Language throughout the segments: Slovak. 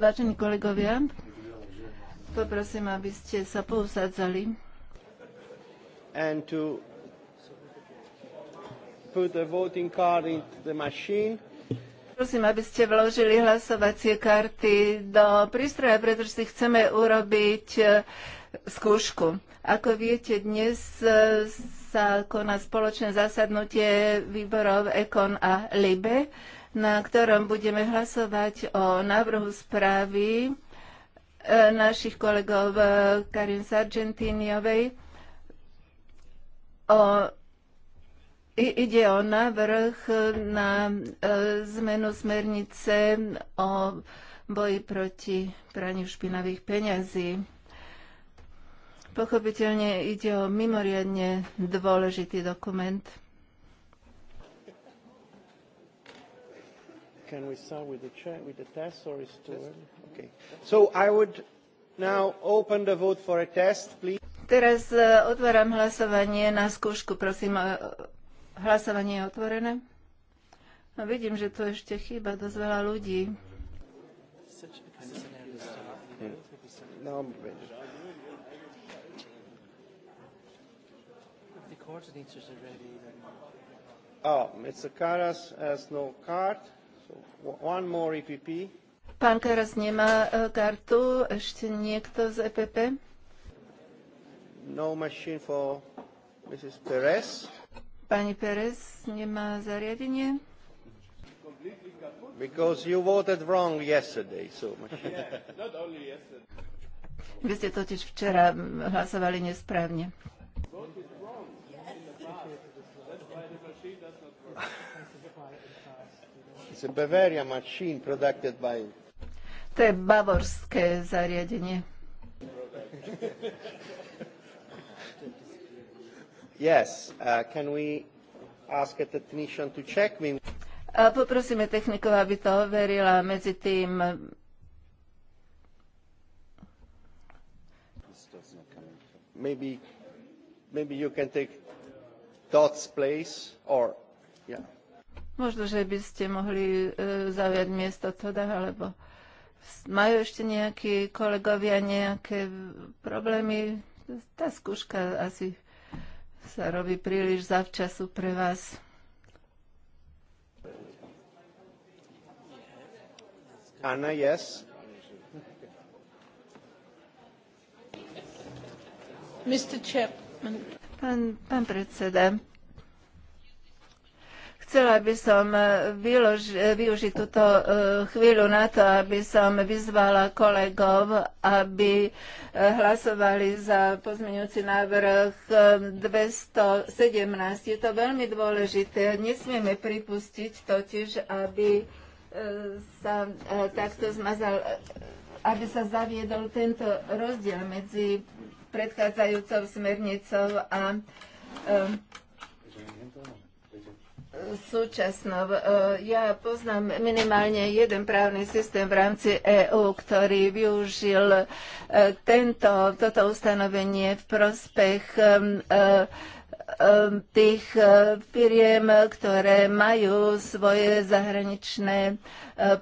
Vážení kolegovia, poprosím, aby ste sa pousadzali. Prosím, aby ste vložili hlasovacie karty do prístroja, pretože si chceme urobiť eh, skúšku. Ako viete, dnes eh, sa koná spoločné zasadnutie výborov Ekon a Libe, na ktorom budeme hlasovať o návrhu správy e, našich kolegov e, Karin Sargentiniovej. O, ide o návrh na e, zmenu smernice o boji proti praniu špinavých peňazí. Pochopiteľne ide o mimoriadne dôležitý dokument. Can we start with the, chat, with the test or is it early? Okay. So I would now open the vote for a test, please. Teraz e, otváram hlasovanie na skúšku, prosím. E, hlasovanie je otvorené. No, vidím, že tu ešte chýba dosť veľa ľudí. No, coordinators already. Oh, Mr. Karas has no card. So one more EPP. Pán Karas nemá e, kartu. Ešte niekto z EPP? No machine for Mrs. Perez. Pani Perez nemá zariadenie. Because you voted wrong yesterday, so machine. Yeah, not only yesterday. Vy ste totiž včera hlasovali nesprávne. To je bavorské zariadenie. yes, uh, can we ask technician to check me? poprosíme technikov, aby to overila medzi tým Maybe, maybe you can take Dot's place or, yeah. Možno, že by ste mohli e, zaujať miesto teda, alebo majú ešte nejakí kolegovia nejaké problémy? Tá skúška asi sa robí príliš zavčasu pre vás. Anna, yes. Mr. Chairman. Pán, pán predseda, Chcela by som e, vylož, e, využiť túto e, chvíľu na to, aby som vyzvala kolegov, aby hlasovali za pozmeňujúci návrh 217. Je to veľmi dôležité. Nesmieme pripustiť totiž, aby sa takto zmazal, aby sa zaviedol tento rozdiel medzi predchádzajúcou smernicou a súčasnou. E, ja poznám minimálne jeden právny systém v rámci EÚ, ktorý využil e, tento, toto ustanovenie v prospech e, tých firiem, ktoré majú svoje zahraničné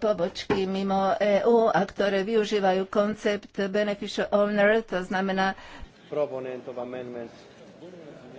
pobočky mimo EÚ a ktoré využívajú koncept beneficial owner, to znamená amendments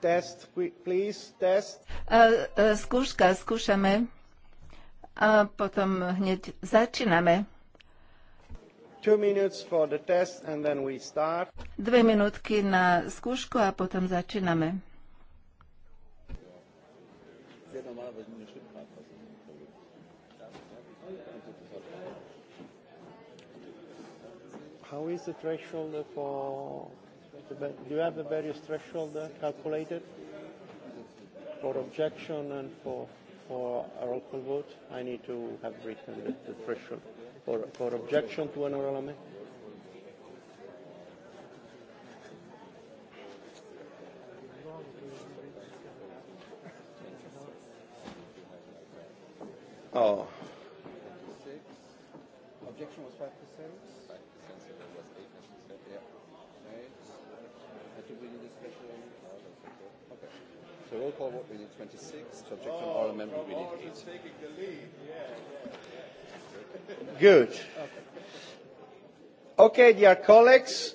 Test, please, test. A, e, a, e, skúška, skúšame. A potom hneď začíname. Dve minútky na skúšku a potom začíname. How is the threshold for do you have the various threshold uh, calculated for objection and for for a roll call vote? I need to have written the, the threshold for for objection to an oral amendment. Oh. Objection was five to zero. For roll call vote, we need 26. Subject to oh, oral amendment, we need 8. Taking the lead. Yeah, yeah. Good. Okay, dear colleagues.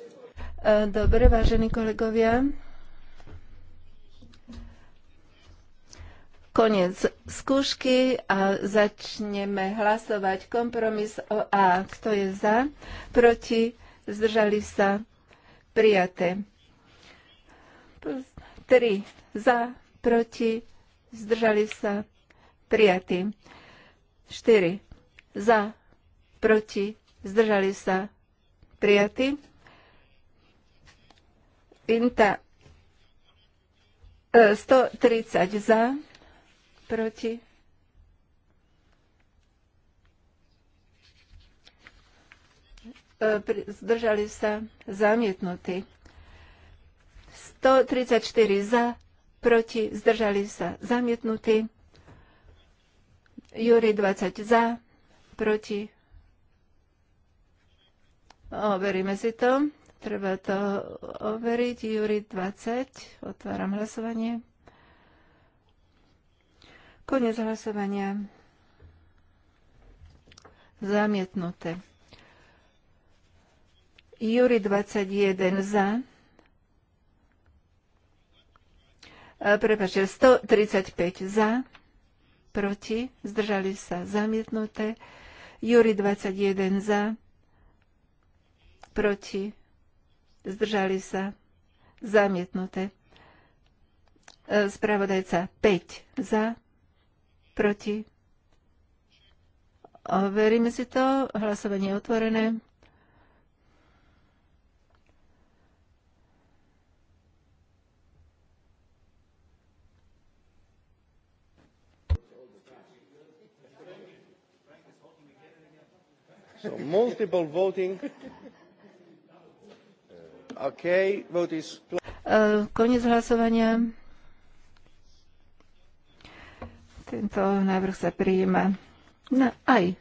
E, dobre, vážení kolegovia. Koniec skúšky a začneme hlasovať kompromis o A. Kto je za? Proti? Zdržali sa? Prijaté. 3 za, proti, zdržali sa, prijatý. 4. Za, proti, zdržali sa, prijatý. Inta 130 e, za, proti. E, zdržali sa zamietnutí. 134 za, proti, zdržali sa zamietnutí. Júri 20 za, proti. Overíme si to. Treba to overiť. Júri 20. Otváram hlasovanie. Konec hlasovania. Zamietnuté. Júri 21 za E, prepáčte, 135 za, proti, zdržali sa zamietnuté. Juri 21 za, proti, zdržali sa zamietnuté. E, spravodajca 5 za, proti. Overíme si to. Hlasovanie je otvorené. multiple voting. Okay, vote is closed. Koniec hlasovania. Tento návrh sa prijíma. No, aj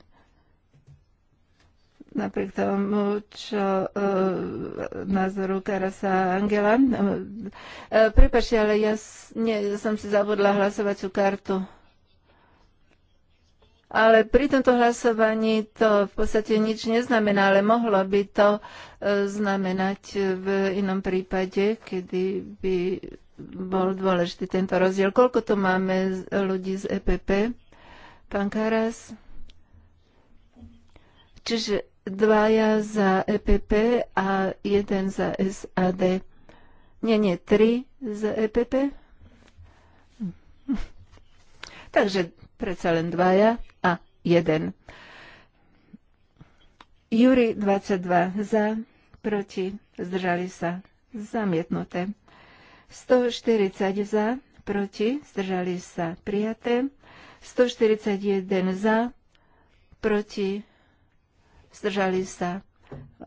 napriek tomu, čo e, názoru Karasa Angela. E, prepačte, ale ja, nie, ja som si zabudla hlasovaciu kartu ale pri tomto hlasovaní to v podstate nič neznamená, ale mohlo by to e, znamenať v inom prípade, kedy by bol dôležitý tento rozdiel. Koľko tu máme ľudí z EPP? Pán Karas? Čiže dvaja za EPP a jeden za SAD. Nie, nie, tri za EPP. Hm. Takže predsa len dvaja. 1. Júri 22 za, proti, zdržali sa, zamietnuté. 140 za, proti, zdržali sa, prijaté. 141 za, proti, zdržali sa.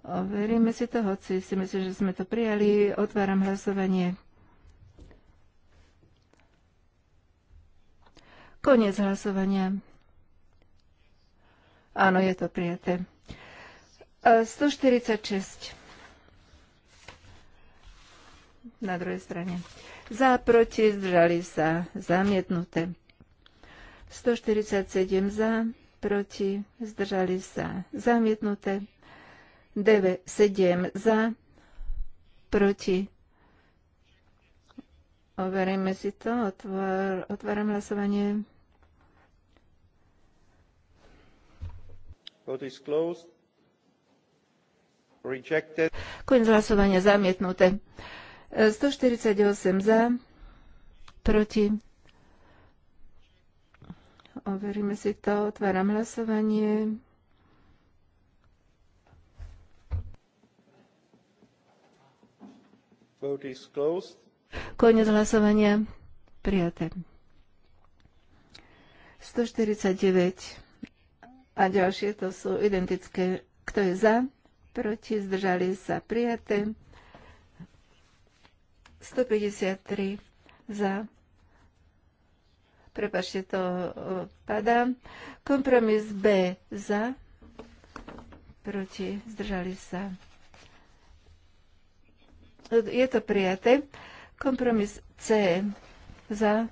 Overíme si to, hoci si myslím, že sme to prijali. Otváram hlasovanie. Koniec hlasovania. Áno, je to prijaté. 146 na druhej strane. Za, proti, zdržali sa, zamietnuté. 147 za, proti, zdržali sa, zamietnuté. 9,7 za, proti. Overíme si to, otvor, otváram hlasovanie. Vote is closed. Rejected. Koniec hlasovania zamietnuté. 148 e, za, proti. Overíme si to. Otváram hlasovanie. Vote is closed. Koniec hlasovania. Prijaté. 149 a ďalšie to sú identické. Kto je za? Proti? Zdržali sa prijaté. 153 za. Prepašte, to padá. Kompromis B za. Proti? Zdržali sa. Je to prijaté. Kompromis C za.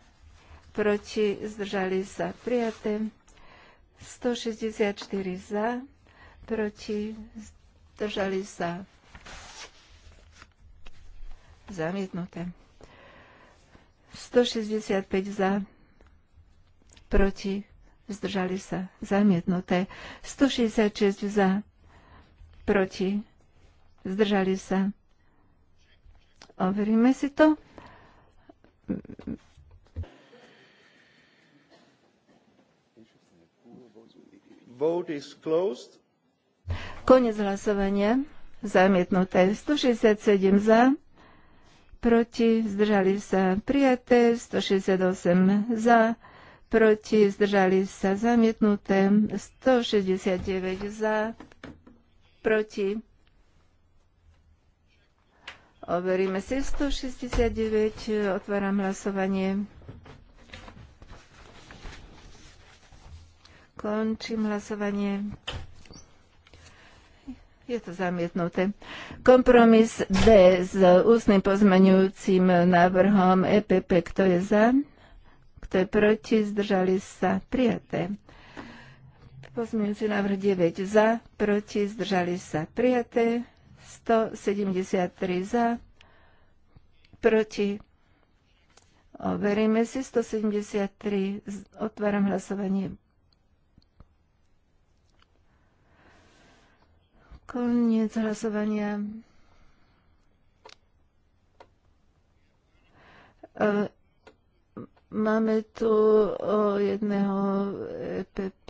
Proti? Zdržali sa prijaté. 164 za, proti, zdržali sa zamietnuté. 165 za, proti, zdržali sa zamietnuté. 166 za, proti, zdržali sa. Overíme si to Vote is closed. Konec hlasovania. Zamietnuté 167 za, proti, zdržali sa prijaté, 168 za, proti, zdržali sa zamietnuté, 169 za, proti. Overíme si 169, otváram hlasovanie. Končím hlasovanie. Je to zamietnuté. Kompromis D s ústnym pozmeňujúcim návrhom EPP. Kto je za? Kto je proti? Zdržali sa? Prijaté. Pozmeňujúci návrh 9 za, proti, zdržali sa. Prijaté. 173 za, proti. Overíme si 173. Otváram hlasovanie. Koniec hlasovania. E, máme tu o jedného EPP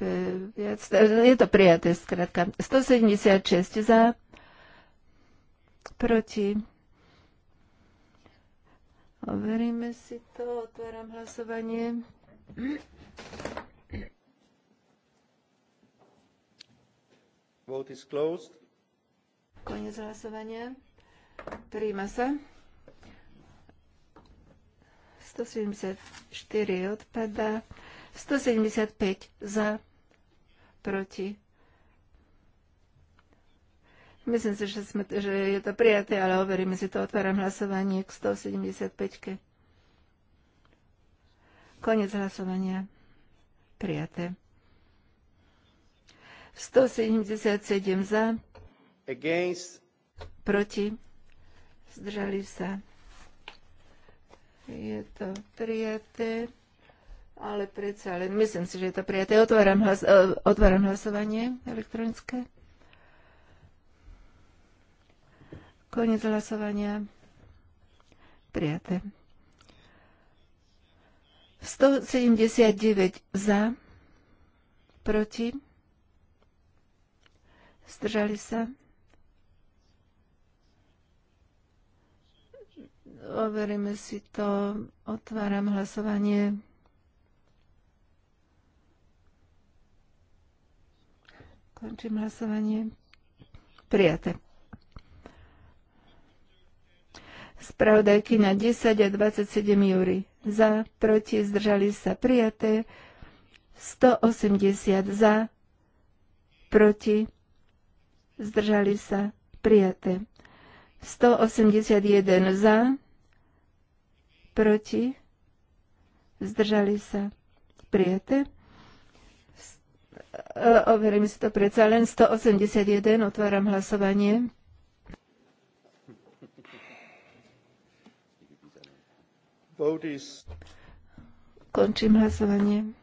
viac. Je to prijaté, skratka. 176 za, proti. Overíme si to, otváram hlasovanie. Vote is closed. Koniec hlasovania. Príjma sa. 174 odpada. 175 za, proti. Myslím si, že, sme, že je to prijaté, ale overíme si to. Otváram hlasovanie k 175. Koniec hlasovania. Prijaté. 177 za, against, proti, zdržali sa. Je to prijaté, ale predsa ale myslím si, že je to prijaté. Otváram, hlas, e, otváram hlasovanie elektronické. Koniec hlasovania. Prijaté. 179 za, proti, zdržali sa, Overíme si to. Otváram hlasovanie. Končím hlasovanie. Prijaté. Spravodajky na 10 a 27 júri. Za, proti, zdržali sa prijaté. 180 za, proti, zdržali sa prijaté. 181 za, proti, zdržali sa prijete. Overím si to predsa len 181, otváram hlasovanie. Končím hlasovanie.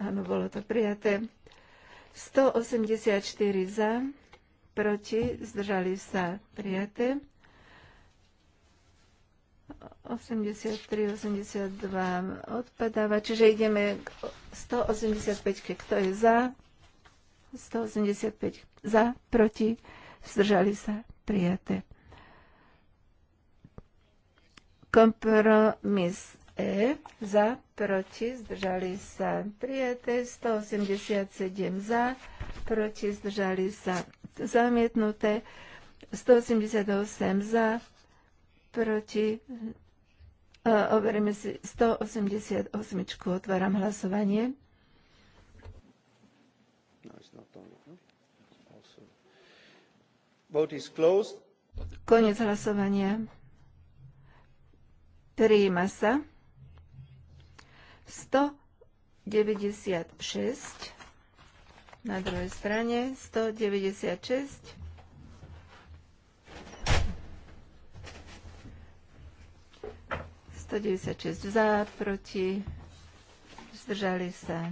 Áno, bolo to prijaté. 184 za, proti, zdržali sa prijaté. 83, 82 odpadáva, čiže ideme k 185, -ke. kto je za, 185 za, proti, zdržali sa, prijaté. Kompromis E, za, proti, zdržali sa, prijaté, 187 za, proti, zdržali sa, zamietnuté, 188 za, proti, e, overíme si 188, otváram hlasovanie. No, no? Vote is closed. Konec hlasovania. Prijíma sa. 196 na druhej strane 196 196 za, proti, zdržali sa.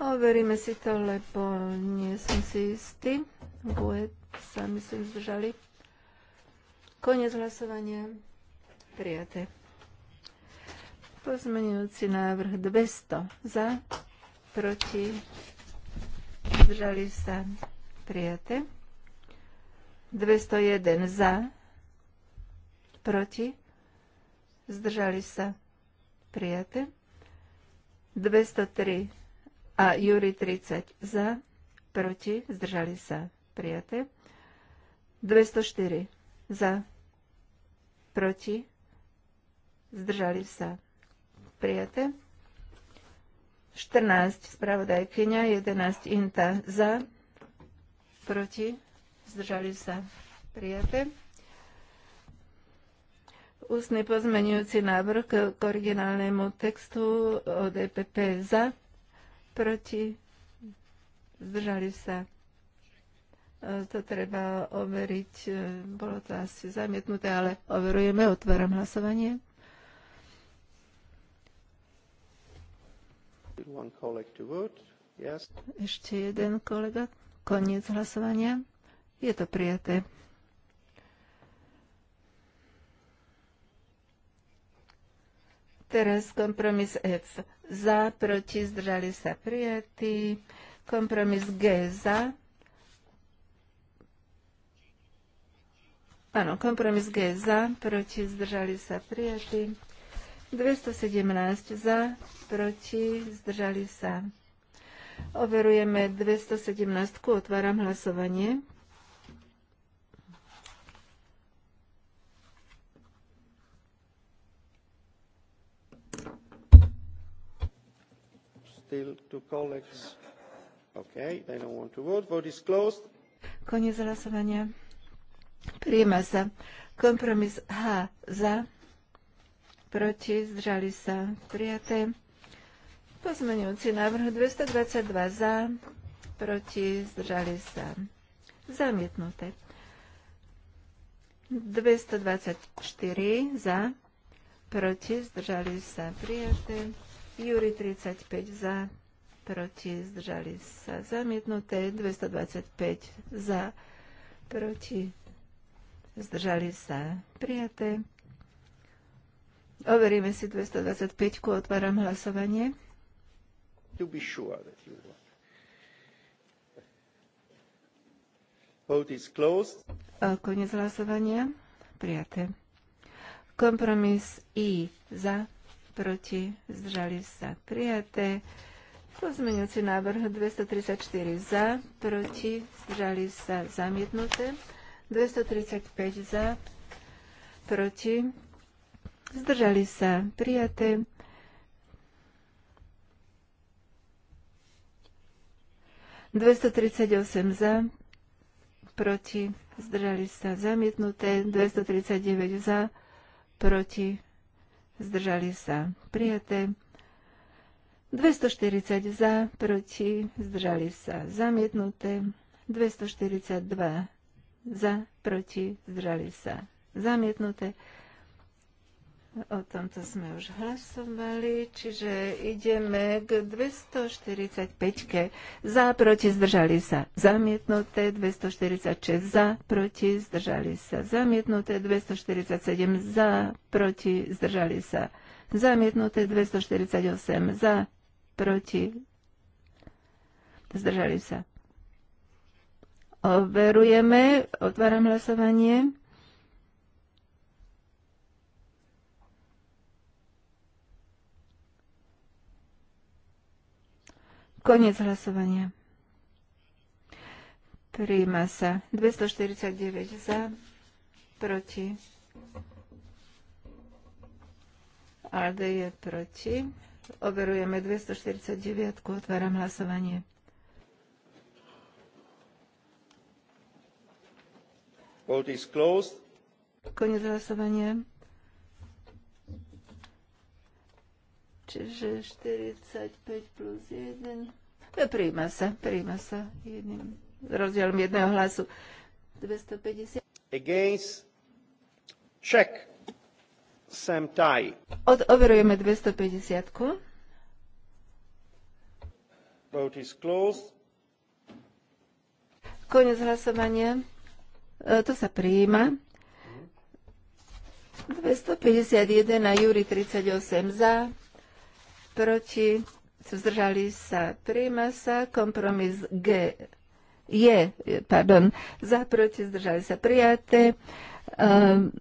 Overíme si to, lebo nie som si istý. Bude sa, myslím, zdržali. Konec hlasovania. Prijaté. Pozmenujúci návrh 200 za, proti, zdržali sa. Prijaté. 201 za, proti, zdržali sa prijaté. 203 a Júri 30 za, proti, zdržali sa prijaté. 204 za, proti, zdržali sa prijaté. 14 spravodajkyňa, 11 inta za, proti, zdržali sa prijaté ústny pozmenujúci návrh k originálnemu textu od EPP za, proti, zdržali sa. E, to treba overiť. E, bolo to asi zamietnuté, ale overujeme. Otváram hlasovanie. Ešte jeden kolega. Koniec hlasovania. Je to prijaté. Teraz kompromis F. Za, proti, zdržali sa prijatí. Kompromis G za. Áno, kompromis G za, proti, zdržali sa prijatí. 217 za, proti, zdržali sa. Overujeme 217. Otváram hlasovanie. Still two colleagues. Okay, they don't want to vote. Vote is closed. Koniec hlasovania. Prijíma sa. Kompromis H za. Proti. Zdržali sa. Prijaté. Pozmeňujúci návrh 222 za. Proti. Zdržali sa. Zamietnuté. 224 za. Proti. Zdržali sa. Prijaté. Júri 35 za, proti, zdržali sa zamietnuté, 225 za, proti, zdržali sa prijaté. Overíme si 225, ku otváram hlasovanie. To be sure that you want. Vote is closed. A hlasovania. Prijaté. Kompromis I za, proti, zdržali sa prijaté. Pozmeňujúci návrh 234 za, proti, zdržali sa zamietnuté. 235 za, proti, zdržali sa prijaté. Dvesto za, proti, zdržali sa zamietnuté, dvesto za, proti, zdržali sa prijaté. 240 za, proti, zdržali sa zamietnuté. 242 za, proti, zdržali sa zamietnuté. O tomto sme už hlasovali, čiže ideme k 245-ke. Za, proti, zdržali sa. Zamietnuté 246 za, proti, zdržali sa. Zamietnuté 247 za, proti, zdržali sa. Zamietnuté 248 za, proti, zdržali sa. Overujeme, otváram hlasovanie. Koniec hlasovania. Príjma sa 249 za, proti. Alde je proti. Overujeme 249, otváram hlasovanie. Vote is closed. Koniec hlasovania. Čiže 45 plus 1. To e, príjma sa, príjma sa jedným rozdielom jedného hlasu. 250. Against. Check. Sam Tai. Odoverujeme 250. -ku. Vote is closed. Konec hlasovania. E, to sa prijíma. 251 na Júri 38 za, proti zdržali sa, príjma sa, kompromis G je, pardon, za, proti, zdržali sa, prijaté, um,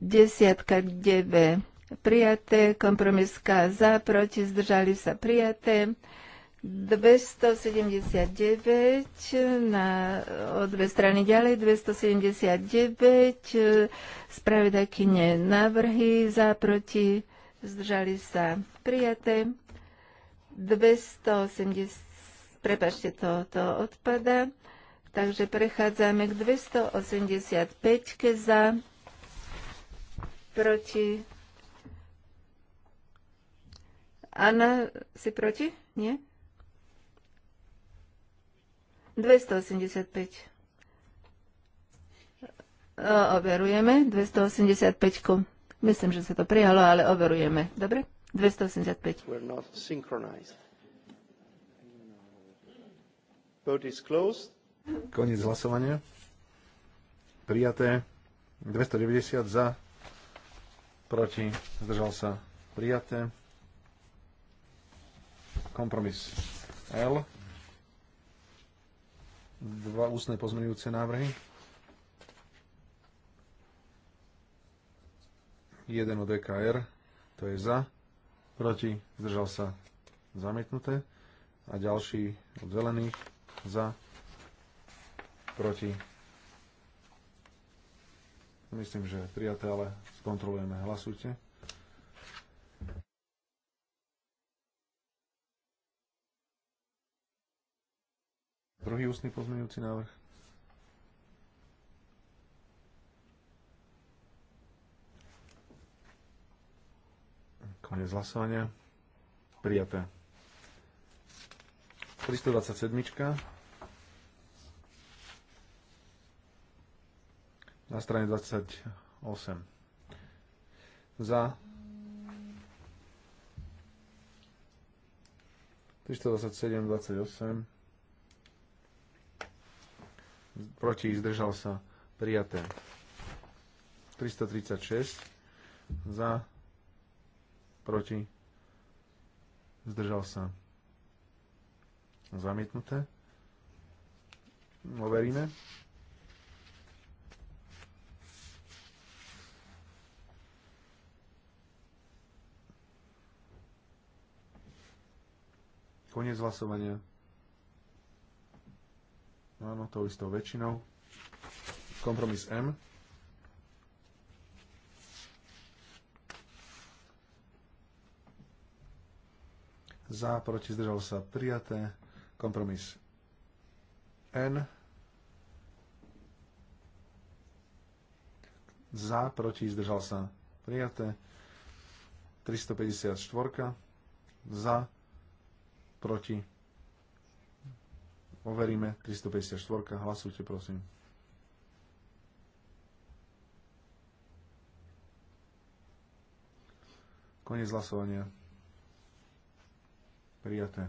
desiatka 9 prijaté, kompromis K za, proti, zdržali sa, prijaté, 279 na, o dve strany ďalej, 279 spravedakine návrhy za, proti, zdržali sa prijaté. 280, prepašte, to, to odpada. Takže prechádzame k 285 -ke za proti. Anna, si proti? Nie? 285. O, overujeme 285. Myslím, že sa to prijalo, ale overujeme. Dobre? 285. Koniec hlasovania. Prijaté. 290 za. Proti. Zdržal sa. Prijaté. Kompromis L. Dva ústne pozmenujúce návrhy. Jeden od EKR. To je za proti, zdržal sa zamietnuté a ďalší od zelených za, proti. Myslím, že prijaté, ale skontrolujeme. Hlasujte. Druhý ústny pozmeňujúci návrh. Konec hlasovania. Prijaté. 327. Na strane 28. Za. 327, 28. Proti zdržal sa prijaté. 336 za proti, zdržal sa, zamietnuté. Overíme. Koniec hlasovania. Áno, to istou väčšinou. Kompromis M. za, proti, zdržal sa, prijaté, kompromis N, za, proti, zdržal sa, prijaté, 354, za, proti, overíme, 354, hlasujte prosím. Koniec hlasovania. Prijaté.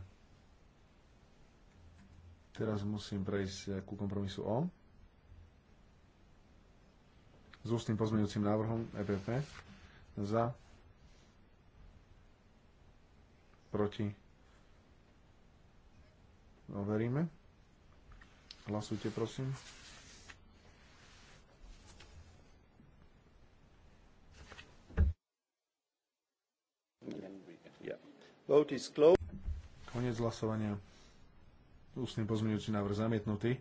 Teraz musím prejsť eh, ku kompromisu O. S ústnym pozmeňujúcim návrhom EPP. Za. Proti. Overíme. Hlasujte, prosím. Vote is closed. Konec hlasovania. Ústny pozmeňujúci návrh zamietnutý.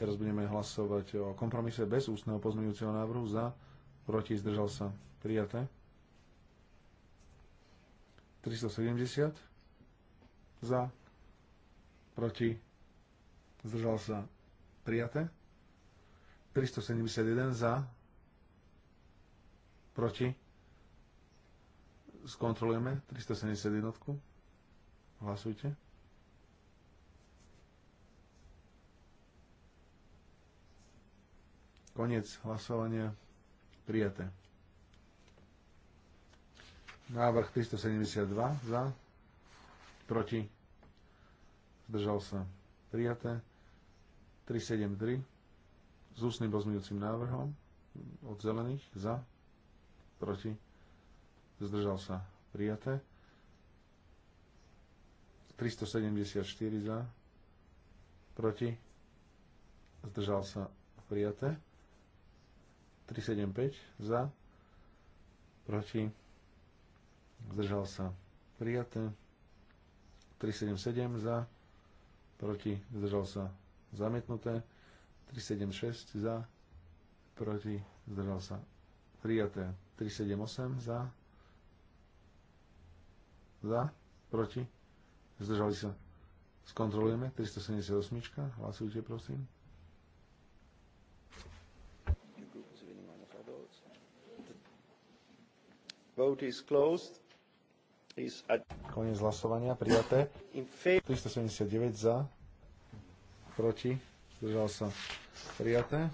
Teraz budeme hlasovať o kompromise bez ústneho pozmeňujúceho návrhu za, proti, zdržal sa, prijaté. 370 za, proti, zdržal sa, prijaté. 371 za, proti, skontrolujeme 371. Hlasujte. Koniec hlasovania. Prijaté. Návrh 372 za. Proti. Zdržal sa. Prijaté. 373 s ústnym pozmeňujúcim návrhom od zelených za. Proti. Zdržal sa. Prijaté. 374 za, proti, zdržal sa prijaté. 375 za, proti, zdržal sa prijaté. 377 za, proti, zdržal sa zamietnuté. 376 za, proti, zdržal sa prijaté. 378 za, za, proti, Zdržali sa. Skontrolujeme. 378. Hlasujte, prosím. Vote is closed. Is Koniec hlasovania. Prijaté. 379 za. Proti. Zdržal sa. Prijaté.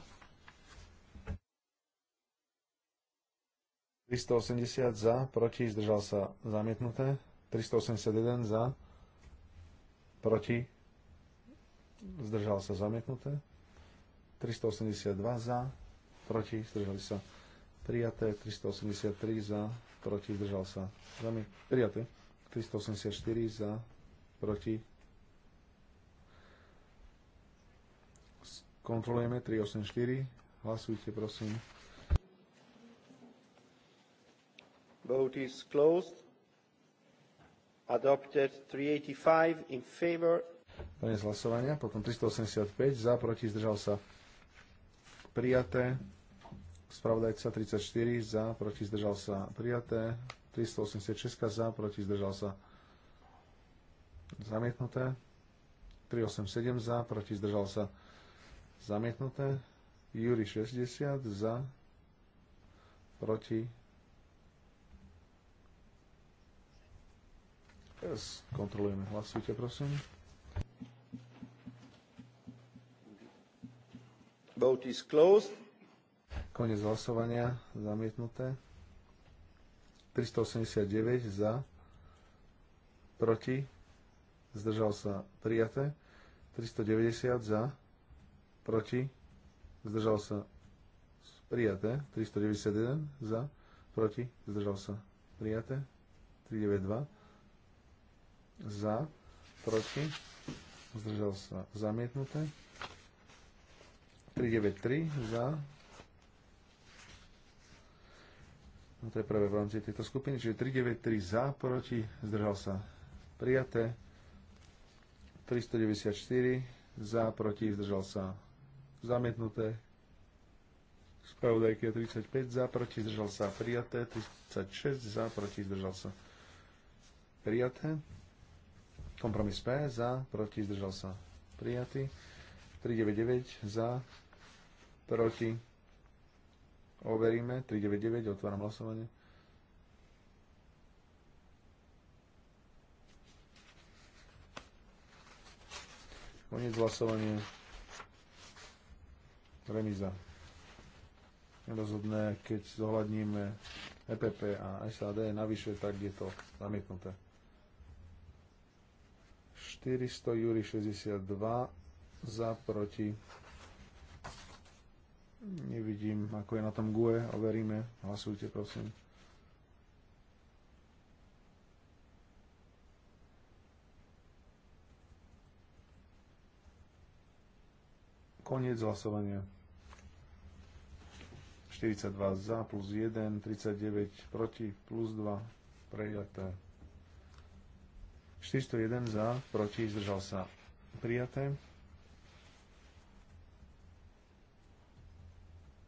380 za, proti, zdržal sa zamietnuté. 381 za, proti, zdržal sa zamietnuté, 382 za, proti, zdržali sa prijaté, 383 za, proti, zdržal sa zamietnuté. prijaté, 384 za, proti, kontrolujeme 384, hlasujte prosím. Vote is closed. Adopted 385 in favor. Koniec hlasovania, potom 385 za, proti, zdržal sa. Prijaté. Spravodajca 34 za, proti, zdržal sa. Prijaté. 386 za, proti, zdržal sa. Zamietnuté. 387 za, proti, zdržal sa. Zamietnuté. Júri 60 za, proti, Skontrolujeme, Hlasujte, prosím. Vote is closed. Konec hlasovania. Zamietnuté. 389 za. Proti. Zdržal sa. Prijaté. 390 za. Proti. Zdržal sa. Prijaté. 391 za. Proti. Zdržal sa. Prijaté. 392 za, proti, zdržal sa zamietnuté. 393 za. No to je práve v rámci tejto skupiny, čiže 393 za, proti, zdržal sa prijaté. 394 za, proti, zdržal sa zamietnuté. spravodajky 35 za, proti zdržal sa prijaté, 36 za, proti zdržal sa prijaté. Kompromis P za, proti, zdržal sa prijatý. 399 za, proti, overíme. 399, otváram hlasovanie. Koniec hlasovanie. Remiza. Rozhodné, keď zohľadníme EPP a SAD navyše, tak je to zamietnuté. 400, Júri 62, za, proti. Nevidím, ako je na tom GUE, overíme. Hlasujte, prosím. Koniec hlasovania. 42 za, plus 1, 39 proti, plus 2, prejaté. 401 za, proti, zdržal sa prijaté.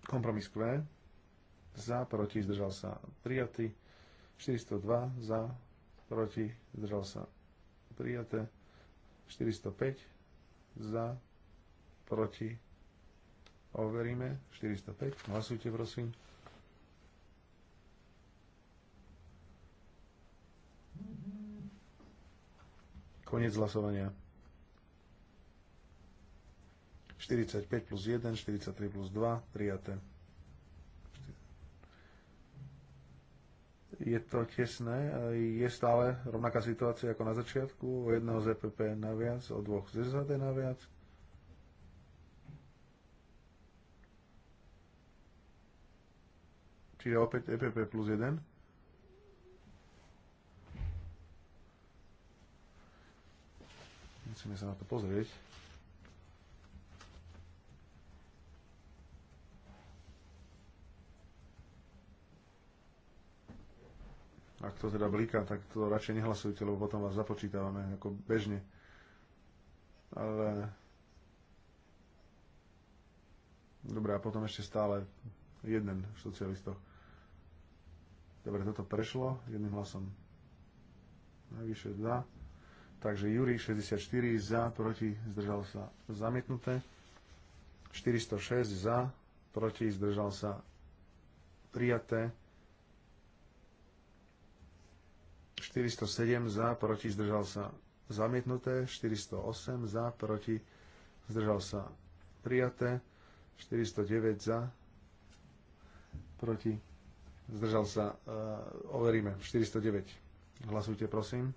Kompromis Q za, proti, zdržal sa prijatý. 402 za, proti, zdržal sa prijaté. 405 za, proti, overíme. 405, hlasujte prosím. Koniec hlasovania. 45 plus 1, 43 plus 2, prijaté. Je to tesné, je stále rovnaká situácia ako na začiatku, o jedného ZPP e naviac, o dvoch ZZD naviac. Čiže opäť EPP plus 1. Musíme sa na to pozrieť. Ak to teda bliká, tak to radšej nehlasujte, lebo potom vás započítavame ako bežne. Ale... Dobre, a potom ešte stále jeden v socialistoch. Dobre, toto prešlo jedným hlasom. Najvyššie dva. Takže Júri 64 za, proti, zdržal sa zamietnuté. 406 za, proti, zdržal sa prijaté. 407 za, proti, zdržal sa zamietnuté. 408 za, proti, zdržal sa prijaté. 409 za, proti, zdržal sa, uh, overíme, 409. Hlasujte, prosím.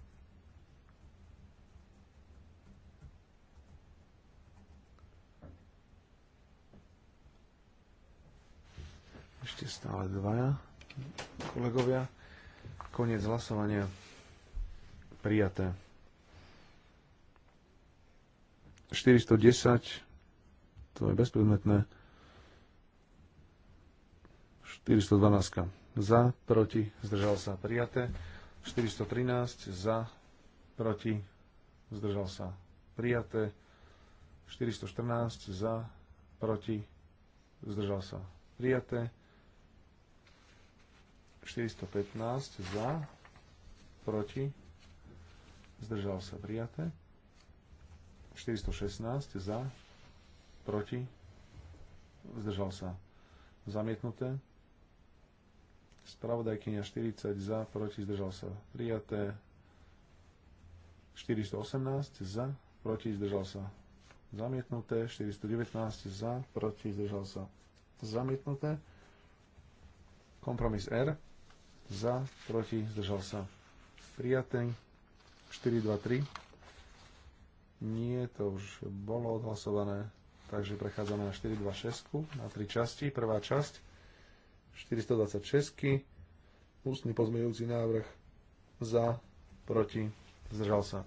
Ešte stále dvaja kolegovia. Koniec hlasovania. Prijaté. 410. To je bezpredmetné. 412. Za, proti, zdržal sa. Prijaté. 413. Za, proti, zdržal sa. Prijaté. 414. Za, proti, zdržal sa. Prijaté. 415 za, proti, zdržal sa prijaté. 416 za, proti, zdržal sa zamietnuté. Spravodajkynia 40 za, proti, zdržal sa prijaté. 418 za, proti, zdržal sa zamietnuté. 419 za, proti, zdržal sa zamietnuté. Kompromis R za, proti, zdržal sa. Prijaté. 4, 2, 3. Nie, to už bolo odhlasované. Takže prechádzame na 4, 2, 6, na tri časti. Prvá časť 426. Ústny pozmejúci návrh za, proti, zdržal sa.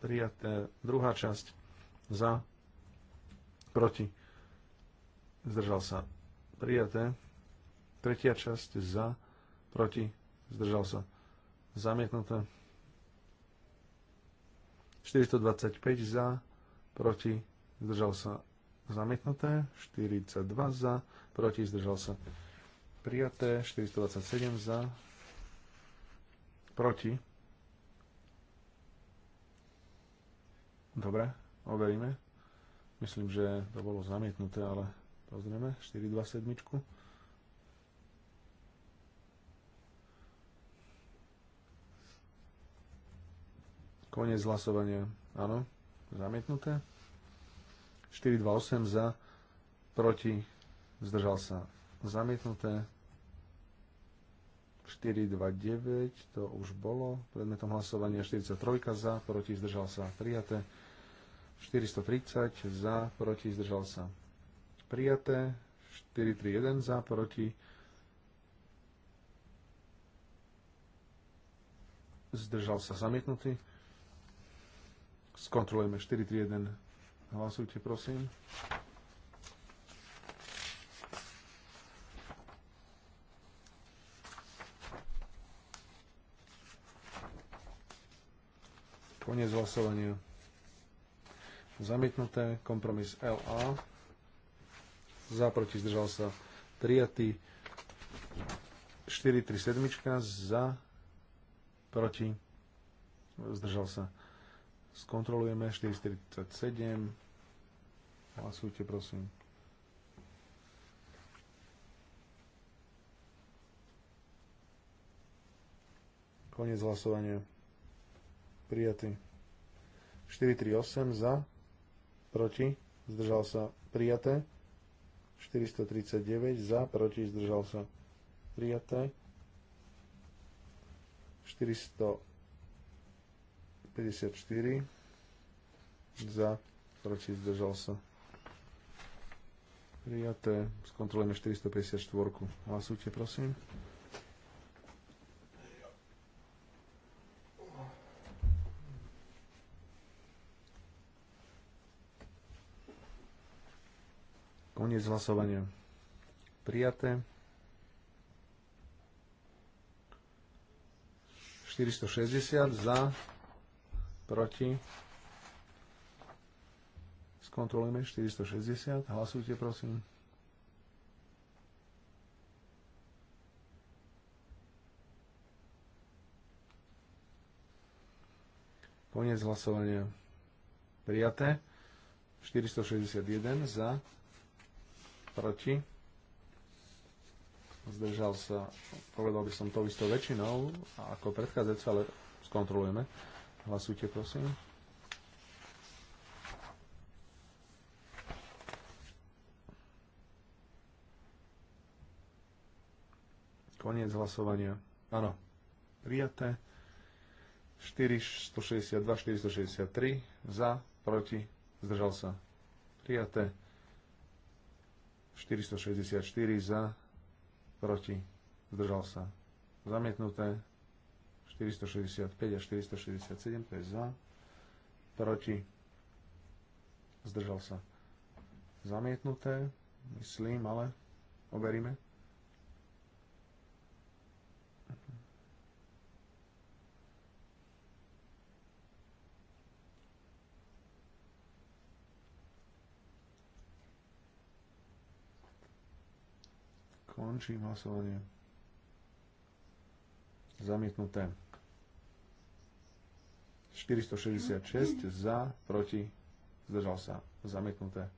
Prijaté. Druhá časť za, proti, zdržal sa. Prijaté. Tretia časť za, proti, zdržal sa, zamietnuté. 425 za, proti, zdržal sa, zamietnuté. 42 za, proti, zdržal sa, prijaté. 427 za, proti. Dobre, overíme. Myslím, že to bolo zamietnuté, ale pozrieme. 427. Konec hlasovania. Áno. Zamietnuté. 428 za. Proti. Zdržal sa. Zamietnuté. 429, to už bolo predmetom hlasovania, 43 za, proti zdržal sa, prijaté, 430 za, proti zdržal sa, prijaté, 431 za, proti zdržal sa, zamietnutý, Skontrolujeme 4-3-1. Hlasujte, prosím. Koniec hlasovania. Zamietnuté. Kompromis LA. Za proti zdržal sa prijatý. 437 za proti zdržal sa Skontrolujeme 447. Hlasujte, prosím. Koniec hlasovania. Prijatý. 438 za, proti, zdržal sa, prijaté. 439 za, proti, zdržal sa, prijaté. 400 54 za, proti zdržal sa. Prijaté. Skontrolujeme 454. Hlasujte, prosím. Koniec hlasovania. Prijaté. 460 za, proti. Skontrolujeme 460. Hlasujte, prosím. Koniec hlasovania. Prijaté. 461 za. Proti. Zdržal sa, povedal by som to istou väčšinou ako predchádzajúce, ale skontrolujeme. Hlasujte, prosím. Koniec hlasovania. Áno. Prijaté. 4, 162, 463. Za, proti, zdržal sa. Prijaté. 464 za, proti, zdržal sa. Zamietnuté. 465 a 467, to je za, proti, zdržal sa. Zamietnuté, myslím, ale overíme. Končím hlasovanie. Zamietnuté. 466 za, proti, zdržal sa, zamietnuté.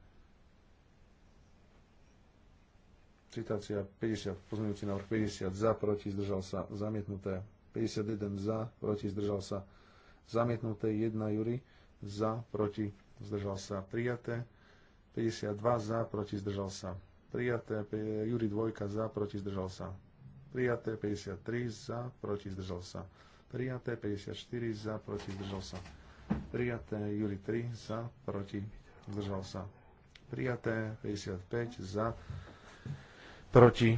Citácia 50, pozmeňujúci návrh 50 za, proti, zdržal sa, zamietnuté. 51 za, proti, zdržal sa, zamietnuté. 1 Juri za, proti, zdržal sa, prijaté. 52 za, proti, zdržal sa, prijaté. Juri 2 za, proti, zdržal sa, prijaté. 53 za, proti, zdržal sa, prijaté prijaté, 54 za, proti, zdržal sa. Prijaté, juri 3 za, proti, zdržal sa. Prijaté, 55 za, proti.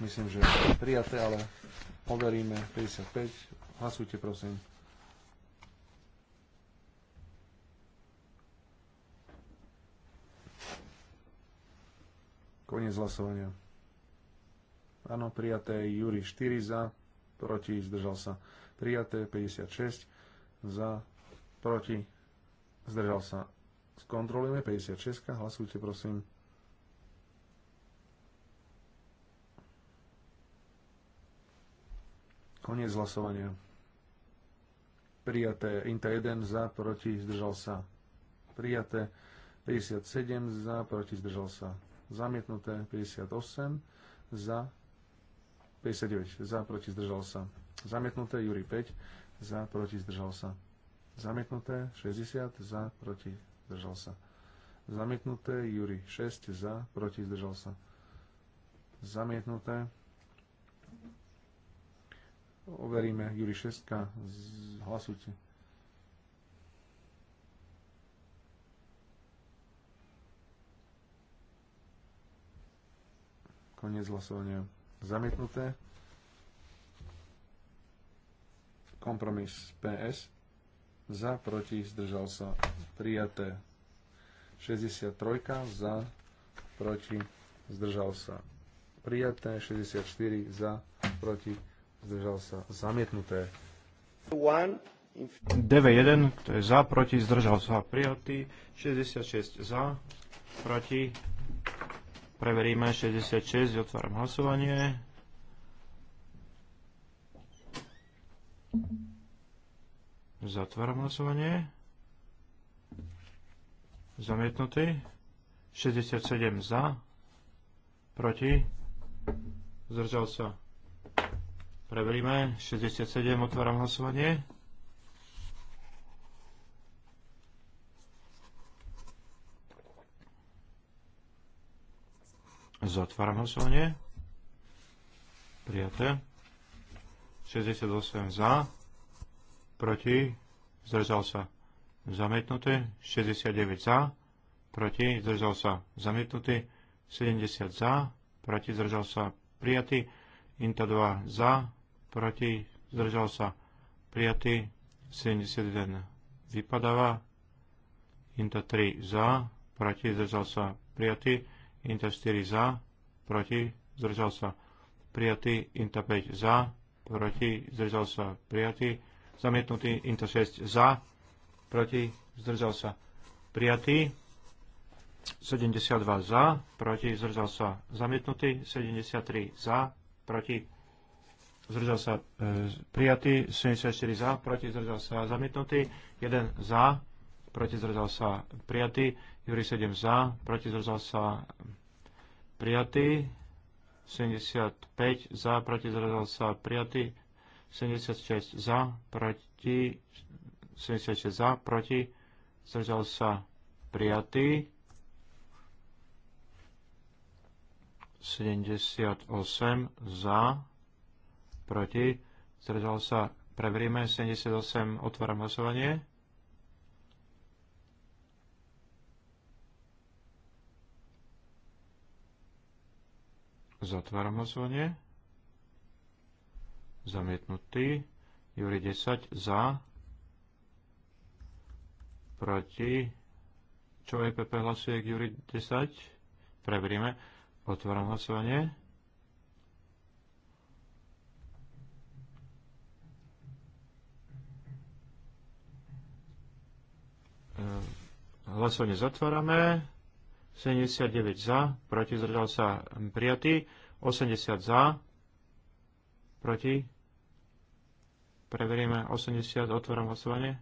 Myslím, že prijaté, ale overíme 55. Hlasujte, prosím. Koniec hlasovania. Áno, prijaté Júri 4 za, proti, zdržal sa. Prijaté 56 za, proti, zdržal sa. Skontrolujeme 56, hlasujte prosím. Koniec hlasovania. Prijaté Inta 1 za, proti, zdržal sa. Prijaté 57 za, proti, zdržal sa. Zamietnuté 58 za, 59 za, proti, zdržal sa. Zamietnuté, Júri 5 za, proti, zdržal sa. Zamietnuté, 60 za, proti, zdržal sa. Zamietnuté, Júri 6 za, proti, zdržal sa. Zamietnuté. Overíme, Júri 6, hlasujte. Koniec hlasovania zamietnuté. Kompromis PS za, proti, zdržal sa, prijaté. 63 za, proti, zdržal sa, prijaté. 64 za, proti, zdržal sa, zamietnuté. 9.1, to je za, proti, zdržal sa, prijatý. 66 za, proti, Preveríme 66, otváram hlasovanie. Zatváram hlasovanie. Zamietnutý. 67 za. Proti. Zdržal sa. Preveríme. 67. Otváram hlasovanie. Zatváram hlasovanie. Prijaté. 68 za. Proti. Zdržal sa. Zamietnuté. 69 za. Proti. Zdržal sa. Zamietnuté. 70 za. Proti. Zdržal sa. Prijatý. Inta 2 za. Proti. Zdržal sa. Prijatý. 71 vypadáva. Inta 3 za. Proti. Zdržal sa. Prijatý. Inta 4 za, proti, zdržal sa. Prijatý Inter 5 za, proti, zdržal sa. Prijatý, zamietnutý Inta 6 za, proti, zdržal sa. Prijatý 72 za, proti, zdržal sa. Zamietnutý 73 za, proti, zdržal sa. E, prijatý 74 za, proti, zdržal sa. Zamietnutý 1 za, proti zdržal sa prijatý, Juri 7 za, proti zdržal sa prijatý, 75 za, proti zdržal sa prijatý, 76 za, proti, 76 za, proti, zdržal sa prijatý, 78 za, proti, zdržal sa, preveríme, 78, otváram hlasovanie. Zatváram hlasovanie. Zamietnutý. Júri 10 za. Proti. Čo EPP hlasuje k Júri 10? Preveríme. Otváram hlasovanie. E, hlasovanie zatvárame. 79 za, proti zdržal sa prijatý, 80 za, proti, preveríme 80, otvorím hlasovanie.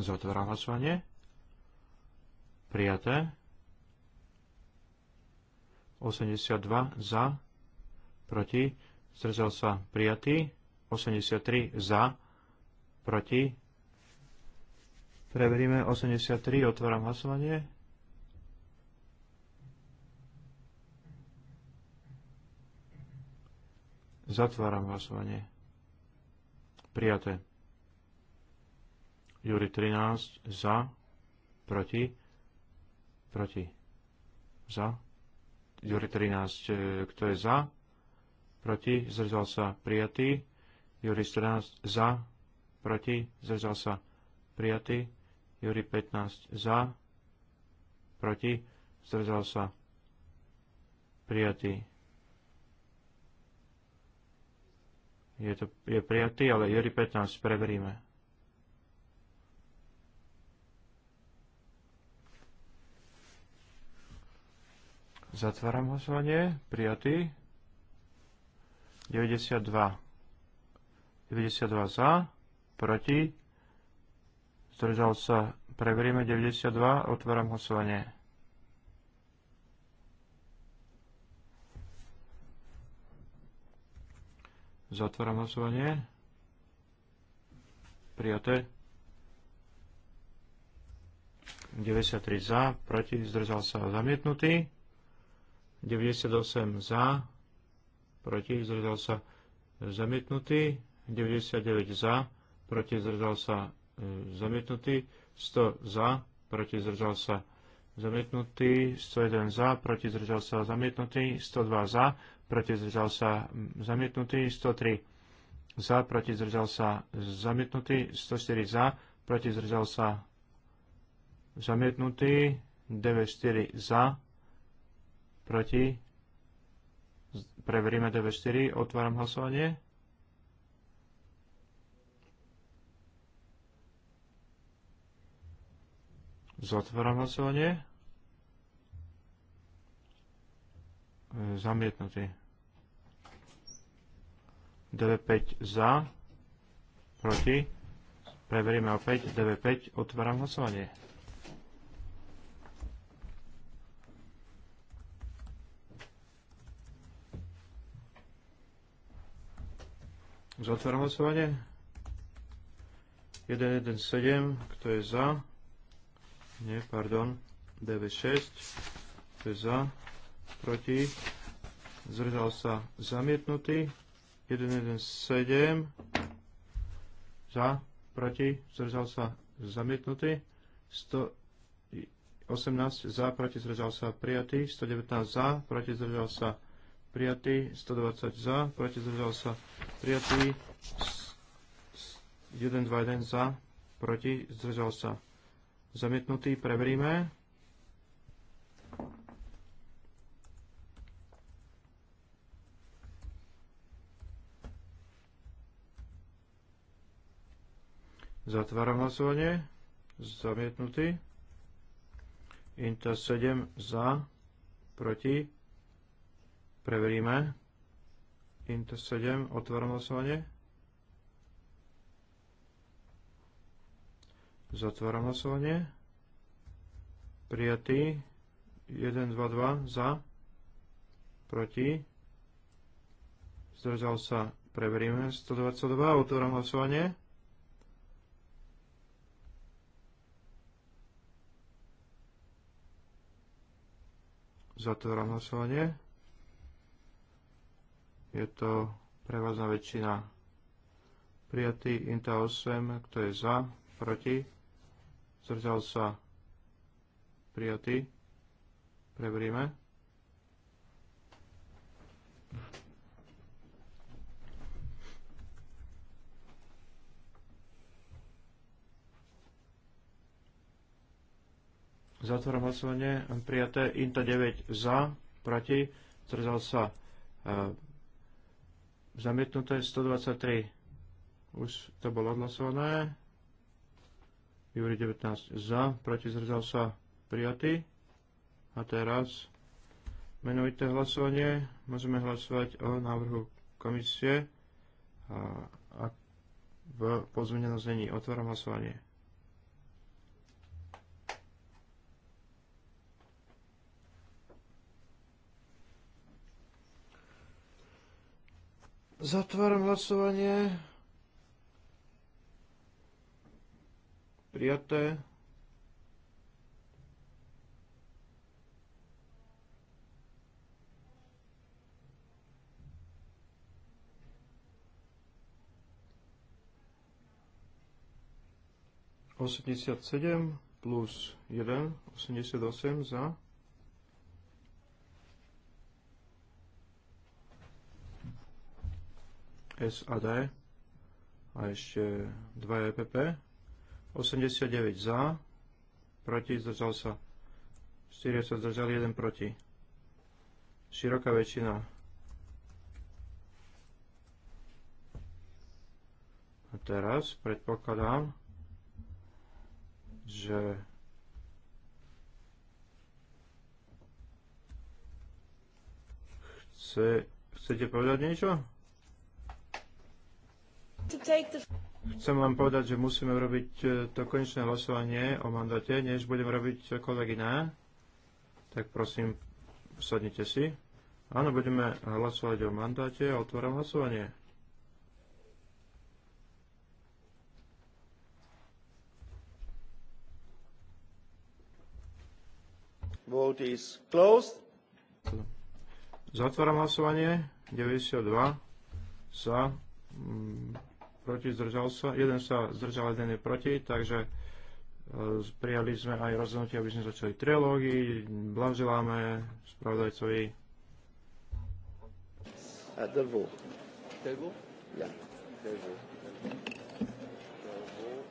Zotváram hlasovanie. Prijaté. 82 za. Proti. Zdržal sa prijatý. 83 za. Proti. Preveríme 83, otváram hlasovanie. Zatváram hlasovanie. Prijaté. Júri 13 za, proti, proti, za. Júri 13, e, kto je za, proti, zdržal sa, prijatý. Júri 14 za, proti, zdržal sa, prijatý. Juri 15 za, proti, zdržal sa, prijatý. Je, to, je prijatý, ale Juri 15 preveríme. Zatváram hlasovanie. Prijatý. 92. 92 za. Proti zdržal sa, preveríme 92, otváram hlasovanie. Zatváram hlasovanie. Prijaté. 93 za, proti, zdržal sa zamietnutý. 98 za, proti, zdržal sa zamietnutý. 99 za, proti, zdržal sa E, zamietnutý, 100 za, proti zdržal sa zamietnutý, 101 za, proti zdržal sa zamietnutý, 102 za, proti zdržal sa zamietnutý, 103 za, proti zdržal sa zamietnutý, 104 za, proti zdržal sa zamietnutý, 94 za, proti, preveríme 94, otváram hlasovanie. Zatváram hlasovanie. E, zamietnutý. 9-5 za. Proti. Preveríme opäť. dv 5 Otváram hlasovanie. Zatváram hlasovanie. 117, kto je za? nie, pardon, DV6, to je za, proti, zdržal sa zamietnutý, 117, za, proti, zdržal sa zamietnutý, 118 za, proti, zdržal sa prijatý, 119 za, proti, zdržal sa prijatý, 120 za, proti, zdržal sa prijatý, 121 za, proti, zdržal sa prijatý, Zamietnutý preveríme. Zatváram hlasovanie. Zamietnutý. Inta 7 za, proti. Preveríme. Inta 7, otváram hlasovanie. Zatváram hlasovanie. Prijatý. 1, 2, 2 za. Proti. Zdržal sa. Preveríme. 122. Otváram hlasovanie. Zatváram hlasovanie. Je to prevázna väčšina. Prijatý INTA 8, kto je za, proti zdržal sa prijatý. Preberieme. Zatváram hlasovanie. Prijaté. Inta 9 za, proti. Zdržal sa e, zamietnuté 123. Už to bolo odhlasované. Júri 19 za, proti zdržal sa prijatý. A teraz menovité hlasovanie. Môžeme hlasovať o návrhu komisie a, a v pozmenenom znení. Otváram hlasovanie. Zatváram hlasovanie. prijaté. Osemdesiat sedem plus jeden, osemdesiat osem za. S a D a ešte dva EPP. 89 za, proti, zdržal sa. 4 sa zdržal 1 proti. Široká väčšina. A teraz predpokladám, že chce, chcete povedať niečo? Chcem vám povedať, že musíme robiť e, to konečné hlasovanie o mandáte, než budem robiť čokoľvek e, iné. Tak prosím, sadnite si. Áno, budeme hlasovať o mandáte a otváram hlasovanie. Vote is closed. Zatváram hlasovanie. 92 sa proti, zdržal sa. Jeden sa zdržal, jeden je proti, takže e, prijali sme aj rozhodnutie, aby sme začali trilógy. Blahoželáme spravodajcovi. A Delvo. Delvo? Ja. Delvo. Delvo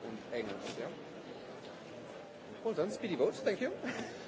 und Engels, ja. Well done, speedy vote, thank you.